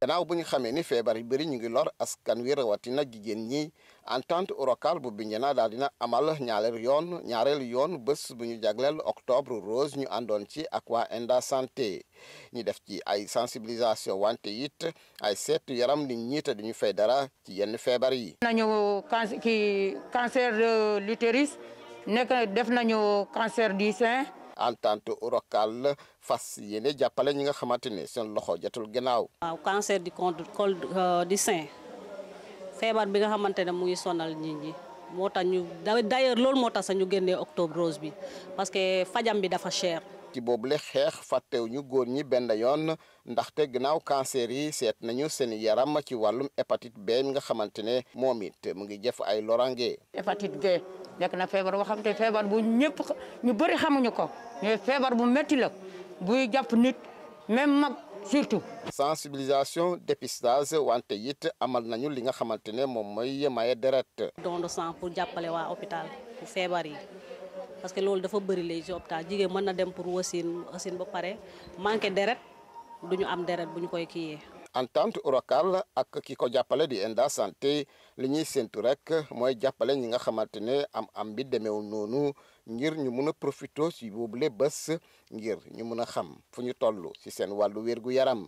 gannaaw bu ñu xamee ni feebar yi bëri ñu ngi lor askan wi rawatina jigéen ñi entente locale bu Bignona daal dina amal ñaareelu yoon ñaareelu yoon bés bu ñu jagleel octobre rose ñu àndoon ci ak waa Enda santé ñu def ci ay sensibilisation wante it ay seetu yaram nit ñi te duñu fay dara ci yenn feebar yi. nañu cancer ki cancer de l'utérus nekk def nañu cancer du sein. entente rocale fas yéene jàppale ñi nga xamante ne seen loxo jotul ginnaaw. waaw di du col euh, di sein feebar bi nga xamante ne mu ngi sonal nit ñi moo tax ñu d'ailleurs loolu moo tax sax ñu génnee octobre rose bi parce que fajam bi dafa cher. ci boobule xeex fàttew ñu góor ñi benn yoon ndaxte gannaaw cancer yi seet nañu seen yaram ci wàllum hépatite B nga xamante ne moom it mu ngi jëf ay lorange. hépatite B nek na feebar boo xam te bu ñepp ñu bari xamuñu ko mais feebar bu metti la bu japp nit même mag surtout. sensibilisation dépistage wante yitt amal nañu li nga xamante ne moom mooy maye deret. don de sang pour jàppale wa hôpital bu feebar yi parce que lool dafa bëri les ci hôpital jigéen mën na dem pour wasin wasin ba paré manké deret duñu am deret buñ koy kiyé entente Urocal ak ki ko jàppale di Enda Santé li ñuy séntu rek mooy jàppale ñi nga xamante ne am-am bi demeew noonu ngir ñu mun a profito si boobule bés ngir ñu mun a xam fu ñu toll si seen wàllu wér yaram.